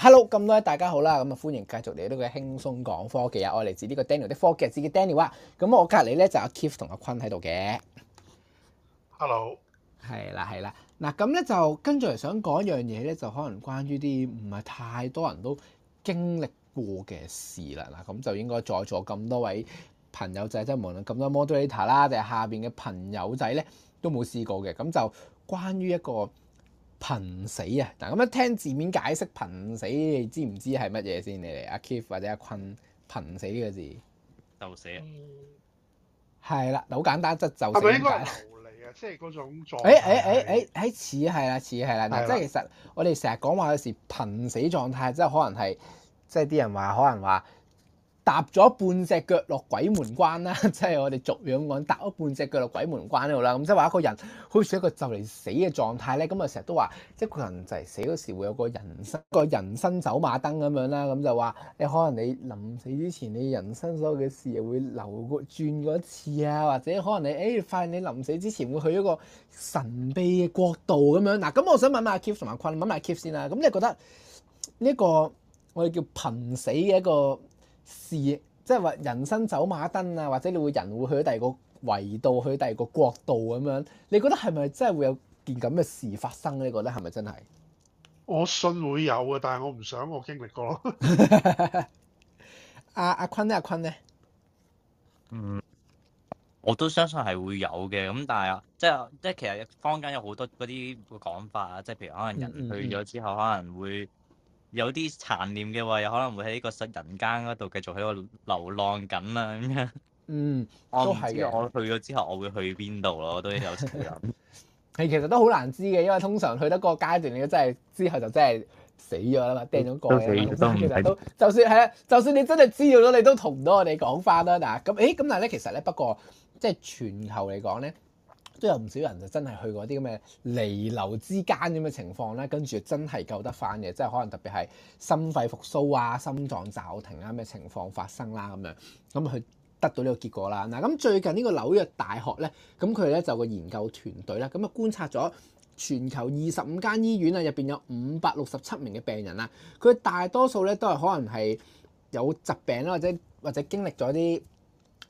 Hello，咁多位大家好啦，咁啊歡迎繼續嚟到佢輕鬆講科技啊！我嚟自呢個 Daniel 啲科技節嘅 Daniel 啊，咁我隔離咧就阿 Kiff 同阿坤喺度嘅。Hello，係啦係啦，嗱咁咧就跟住嚟想講一樣嘢咧，就可能關於啲唔係太多人都經歷過嘅事啦。嗱，咁就應該在座咁多位朋友仔，即係無論咁多 Moderator 啦，定係下邊嘅朋友仔咧，都冇試過嘅。咁就關於一個。瀕死啊！嗱，咁一聽字面解釋瀕死，你知唔知係乜嘢先？你哋阿、啊、Keith 或者阿坤，瀕死呢個字就死，係啦，好簡單，即係就死。係咪應該流利啊？即係嗰種狀。誒誒誒誒誒，似係啦，似係啦。嗱，即係其實我哋成日講話有時瀕死狀態，即係可能係，即係啲人話可能話。踏咗半隻腳落鬼門關啦，即 係我哋俗語咁講，踏咗半隻腳落鬼門關嗰度啦。咁即係話一個人好似一個就嚟死嘅狀態咧。咁啊，成日都話，即係一個人就嚟死嗰時會有個人生、個人生走馬燈咁樣啦。咁就話你可能你臨死之前你人生所有嘅事又會流過、轉過一次啊，或者可能你誒、欸、發現你臨死之前會去一個神秘嘅國度咁樣。嗱，咁我想問下阿 Kief 同埋坤，問下 Kief 先啦。咁你覺得呢、這個我哋叫瀕死嘅一個事，即係話人生走馬燈啊，或者你會人會去到第二個維度，去第二個國度咁樣。你覺得係咪真係會有件咁嘅事發生咧？你覺得係咪真係？我信會有嘅，但係我唔想我經歷過。阿阿坤咧，阿坤咧，啊、坤呢，嗯，我都相信係會有嘅。咁但係啊，即係即係其實坊間有好多嗰啲講法啊，即係譬如可能人去咗之後嗯嗯嗯可能會。有啲殘念嘅話，有可能會喺個失人間嗰度繼續喺度流浪緊啊！咁樣 嗯，我都係嘅，我去咗之後，我會去邊度咯？都有。係其實都好難知嘅，因為通常去得個階段，你真係之後就真係死咗啦嘛，掟咗過嘅。死其實都，都就算係啦，就算你真係知道咗，你都同唔到我哋講翻啦。嗱咁，誒、欸、咁，但係咧，其實咧，不過即係全球嚟講咧。都有唔少人就真係去過啲咁嘅彌留之間咁嘅情況啦。跟住真係救得翻嘅，即係可能特別係心肺復甦啊、心臟驟停啦咩情況發生啦咁樣，咁佢得到呢個結果啦。嗱，咁最近呢個紐約大學咧，咁佢咧就個研究團隊咧，咁啊觀察咗全球二十五間醫院啊，入邊有五百六十七名嘅病人啊，佢大多數咧都係可能係有疾病啦，或者或者經歷咗啲。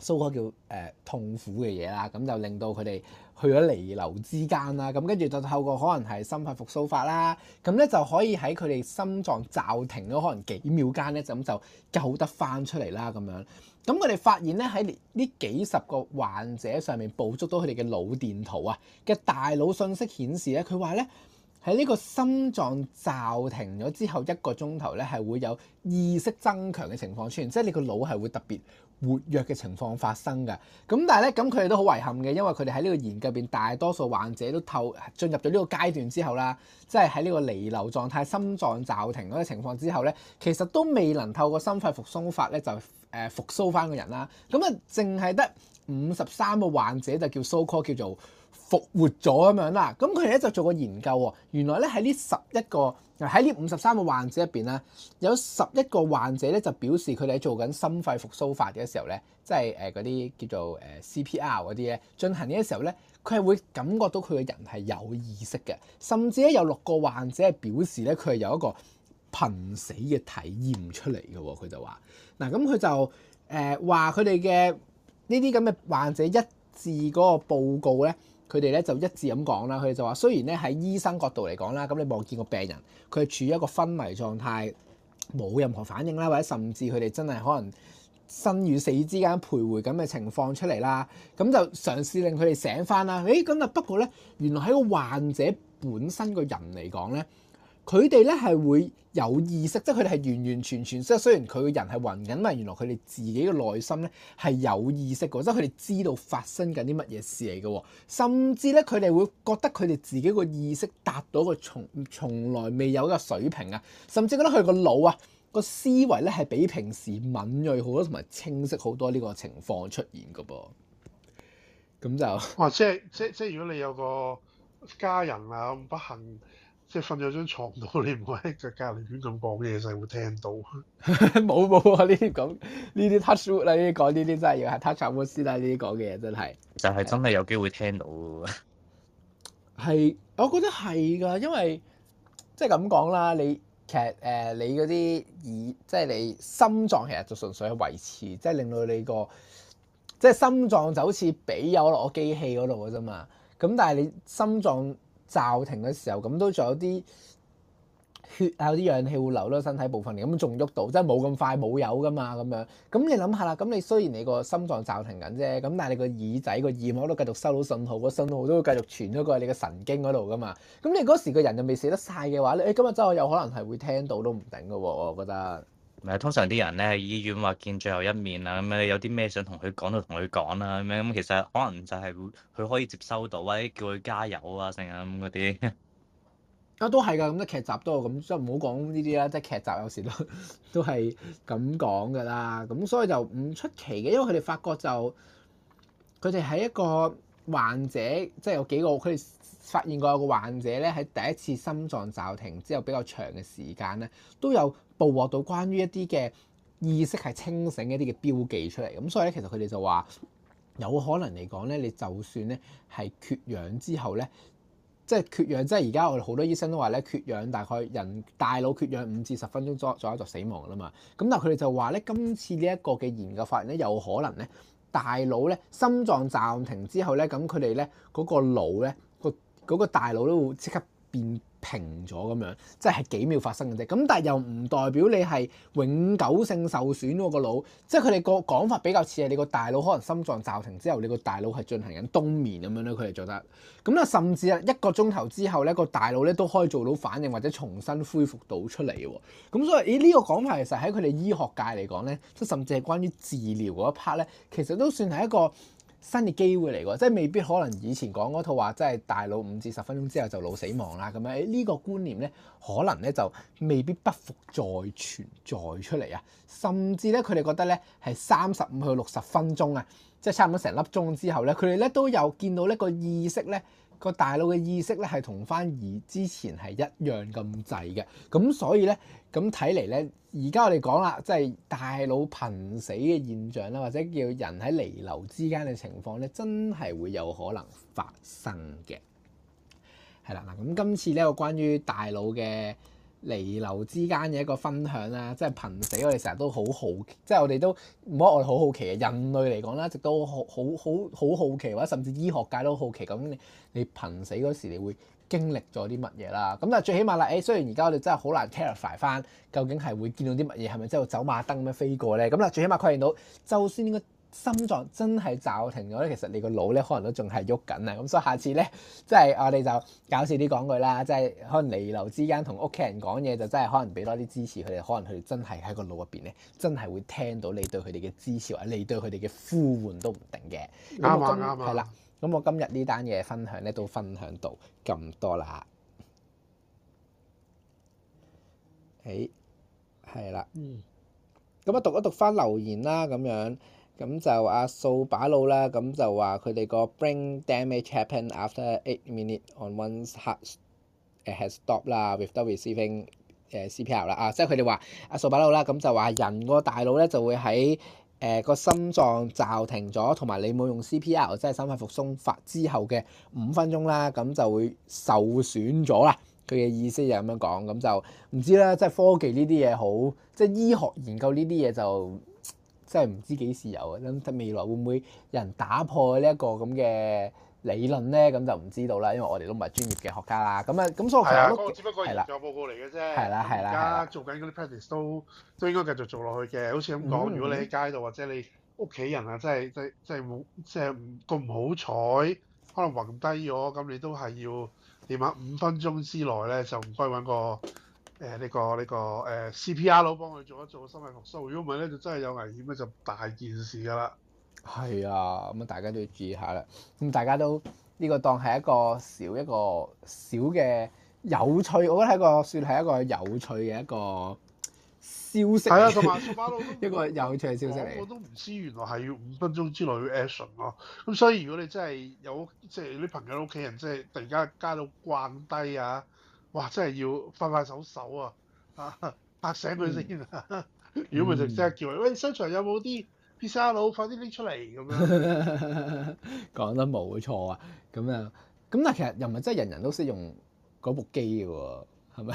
蘇科、so，叫誒、呃、痛苦嘅嘢啦，咁就令到佢哋去咗彌留之間啦，咁跟住就透過可能係心肺復甦法啦，咁咧就可以喺佢哋心臟驟停咗可能幾秒間咧，就咁就救得返出嚟啦咁樣。咁佢哋發現咧，喺呢幾十個患者上面捕捉到佢哋嘅腦電圖啊嘅大腦信息顯示咧，佢話咧。喺呢個心臟驟停咗之後一個鐘頭咧，係會有意識增強嘅情況出現，即係你個腦係會特別活躍嘅情況發生㗎。咁但係咧，咁佢哋都好遺憾嘅，因為佢哋喺呢個研究入邊，大多數患者都透進入咗呢個階段之後啦，即係喺呢個彌留狀態、心臟驟停嗰個情況之後咧，其實都未能透過心肺復甦法咧就誒、呃、復甦翻個人啦。咁啊，淨係得。五十三個患者就叫 so call，叫做復活咗咁樣啦。咁佢哋咧就做個研究喎。原來咧喺呢十一個，喺呢五十三個患者入邊咧，有十一個患者咧就表示佢哋喺做緊心肺復甦法嘅時候咧，即係誒嗰啲叫做誒 CPR 嗰啲嘢進行嘅時候咧，佢係會感覺到佢嘅人係有意識嘅，甚至咧有六個患者係表示咧佢係有一個瀕死嘅體驗出嚟嘅。佢就話嗱，咁佢就誒話佢哋嘅。呢啲咁嘅患者一致嗰個報告呢，佢哋呢就一致咁講啦。佢哋就話，雖然呢喺醫生角度嚟講啦，咁你望見個病人佢處於一個昏迷狀態，冇任何反應啦，或者甚至佢哋真係可能生與死之間徘徊咁嘅情況出嚟啦，咁就嘗試令佢哋醒返啦。誒、哎，咁啊不過呢，原來喺個患者本身個人嚟講呢。佢哋咧係會有意識，即係佢哋係完完全全，雖雖然佢個人係暈緊，但原來佢哋自己嘅內心咧係有意識嘅，即係佢哋知道發生緊啲乜嘢事嚟嘅，甚至咧佢哋會覺得佢哋自己個意識達到個從從來未有嘅水平啊，甚至覺得佢個腦，啊個思維咧係比平時敏銳好多同埋清晰好多，呢個情況出現嘅噃。咁就哇、啊，即係即係即係如果你有個家人啊不幸。即係瞓咗張床度，你唔會喺個隔離犬咁講嘅嘢就會聽到。冇冇啊！呢啲咁，呢啲 touch wood 啦，呢啲講呢啲真係要 touch 老師啦，呢啲講嘅嘢真係。就係真係有機會聽到。係， 我覺得係㗎，因為即係咁講啦，你其實誒、呃、你嗰啲耳，即係你心臟其實就純粹係維持，即係令到你個即係心臟就好似俾有落個機器嗰度㗎啫嘛。咁但係你心臟驟停嘅時候，咁都仲有啲血啊、啲氧氣會流咯，身體部分嘅，咁仲喐到，即係冇咁快冇有噶嘛咁樣。咁你諗下啦，咁你雖然你個心臟驟停緊啫，咁但係你個耳仔、個耳膜都繼續收到信號，個信號都會繼續傳咗過去你個神經嗰度噶嘛。咁你嗰時個人又未死得晒嘅話，你、哎、今日真係有可能係會聽到都唔定噶喎，我覺得。咪通常啲人咧，喺醫院話見最後一面啊，咁樣有啲咩想同佢講就同佢講啦，咁樣，咁其實可能就係會佢可以接收到，或者叫佢加油啊，成啊咁嗰啲。啊，都係噶，咁啲劇集都係咁，即係唔好講呢啲啦，即係劇集有時都都係咁講噶啦，咁所以就唔出奇嘅，因為佢哋發覺就佢哋喺一個。患者即係有幾個，佢哋發現過有個患者咧，喺第一次心臟驟停之後比較長嘅時間咧，都有捕獲到關於一啲嘅意識係清醒一啲嘅標記出嚟。咁所以咧，其實佢哋就話有可能嚟講咧，你就算咧係缺氧之後咧，即係缺氧，即係而家我哋好多醫生都話咧，缺氧大概人大腦缺氧五至十分鐘左左右就死亡啦嘛。咁但係佢哋就話咧，今次呢一個嘅研究發現咧，有可能咧。大腦咧，心臟暫停之後咧，咁佢哋咧嗰個腦咧，個、那、嗰個大腦都會即刻變。平咗咁樣，即係幾秒發生嘅啫。咁但係又唔代表你係永久性受損喎個腦，即係佢哋個講法比較似係你個大腦可能心臟驟停之後，你個大腦係進行緊冬眠咁樣咯。佢哋做得咁啦，甚至啊一個鐘頭之後呢個大腦咧都可以做到反應或者重新恢復到出嚟喎。咁所以，咦呢個講法其實喺佢哋醫學界嚟講呢，即甚至係關於治療嗰一 part 呢，其實都算係一個。新嘅機會嚟喎，即係未必可能以前講嗰套話，即係大腦五至十分鐘之後就腦死亡啦咁樣。呢個觀念呢，可能呢就未必不復再存在出嚟啊！甚至呢，佢哋覺得呢係三十五去到六十分鐘啊，即係差唔多成粒鐘之後呢，佢哋呢都有見到呢個意識呢。個大腦嘅意識咧係同翻而之前係一樣咁滯嘅，咁所以咧咁睇嚟咧，而家我哋講啦，即係大腦瀕死嘅現象啦，或者叫人喺彌留之間嘅情況咧，真係會有可能發生嘅，係啦嗱，咁今次呢個關於大腦嘅彌留之間嘅一個分享啦，即係瀕死我哋成日都好奇都好，奇好，即係我哋都唔好，我哋好好奇嘅人類嚟講啦，一直都好好好好好奇或者甚至醫學界都好奇咁，你瀕死嗰時你會經歷咗啲乜嘢啦？咁但係最起碼啦，誒雖然而家我哋真係好難 clarify 翻，究竟係會見到啲乜嘢，係咪真係走馬燈咁樣飛過咧？咁啦，最起碼確認到，就算個。心臟真係驟停咗咧，其實你個腦咧可能都仲係喐緊啊！咁所以下次咧，即係我哋就搞笑啲講句啦，即係可能彌留之間同屋企人講嘢，就真係可能俾多啲支持佢哋，可能佢哋真係喺個腦入邊咧，真係會聽到你對佢哋嘅支持啊，你對佢哋嘅呼喚都唔定嘅。啱啊啱啊！係啦，咁我今日呢單嘢分享咧都分享到咁多啦。誒、哎，係啦。嗯。咁啊，讀一讀翻留言啦，咁樣。咁就阿、啊、掃把佬啦，咁就話佢哋個 brain damage happen after eight minute on one's heart has stop 啦 without receiving CPR 啦，啊，即係佢哋話阿掃把佬啦，咁就話人個大腦咧就會喺誒個心臟驟停咗，同埋你冇用 CPR，即係心肺復甦法之後嘅五分鐘啦，咁就會受損咗啦。佢嘅意思就係咁樣講，咁就唔知啦，即係科技呢啲嘢好，即係醫學研究呢啲嘢就。即係唔知幾時有，啊。咁未來會唔會有人打破呢一個咁嘅理論咧？咁就唔知道啦，因為我哋都唔係專業嘅學家啦。咁啊，咁所以係啊，我、那個、只不過研究報告嚟嘅啫。係啦，係啦。而家做緊嗰啲 practice 都都應該繼續做落去嘅。好似咁講，嗯嗯，如果你喺街度或者你屋企人啊，即係即即係冇即係咁唔好彩，可能暈低咗，咁你都係要點啊？五分鐘之內咧就唔該搵個誒呢、這個呢、這個誒、呃、CPR 都幫佢做一做個心肺復甦，如果唔係咧就真係有危險咧，就大件事㗎啦。係啊，咁、嗯、樣大家都要注意下啦。咁、嗯、大家都呢、這個當係一個小一個小嘅有趣，我覺得係一個算係一個有趣嘅一個消息。係啊，同埋做馬騮， 一個有趣嘅消息嚟。我都唔知原來係要五分鐘之內要 action 咯、啊。咁、嗯、所以如果你真係有即係啲朋友、屋企人，即係突然間加到慣低啊～哇！真係要快快手手啊！嚇、啊、醒佢先如果唔係，嗯、 直接叫佢：喂，商場有冇啲 P.C.A. 佬？快啲拎出嚟咁樣。講 得冇錯啊！咁啊，咁但係其實又唔係真係人人都識用嗰部機嘅喎，係咪？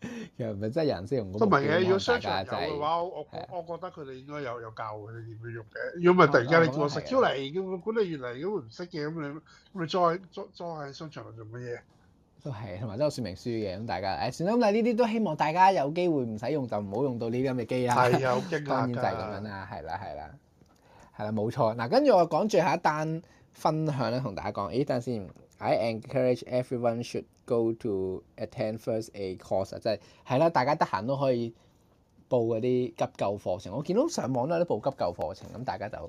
其實又唔係真係人識用嗰部機。都唔、就是、如果商場有嘅話，我我的我覺得佢哋應該有有教佢哋點去用點樣用嘅。如果唔係，突然間你叫我食出嚟，咁管理員嚟，咁會唔識嘅，咁你咪再再喺商場度做乜嘢？都係，同埋都有説明書嘅，咁大家誒、哎、算啦，咁但係呢啲都希望大家有機會唔使用，用就唔好用到呢啲咁嘅機啦，係啊的，好激 就係咁樣啦，係啦，係啦，係啦，冇錯。嗱，跟住我講最後一單分享咧，同大家講，咦、哎，等陣先，I encourage everyone should go to attend first aid course，即係係啦，大家得閒都可以報嗰啲急救課程。我見到上網都有啲報急救課程，咁大家就。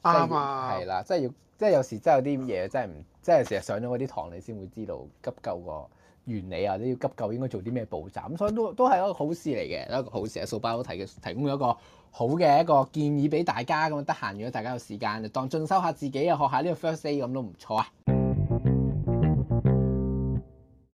啱 是啊，係啦，即係要，即係有時真係有啲嘢真係唔，即係成日上咗嗰啲堂你先會知道急救個原理啊，你要急救應該做啲咩步驟，咁所以都都係一個好事嚟嘅，一個好事啊！蘇爸都提嘅，提供咗一個好嘅一個建議俾大家，咁得閒如果大家有時間就當進修下自己啊，學下呢個 first aid 咁都唔錯啊。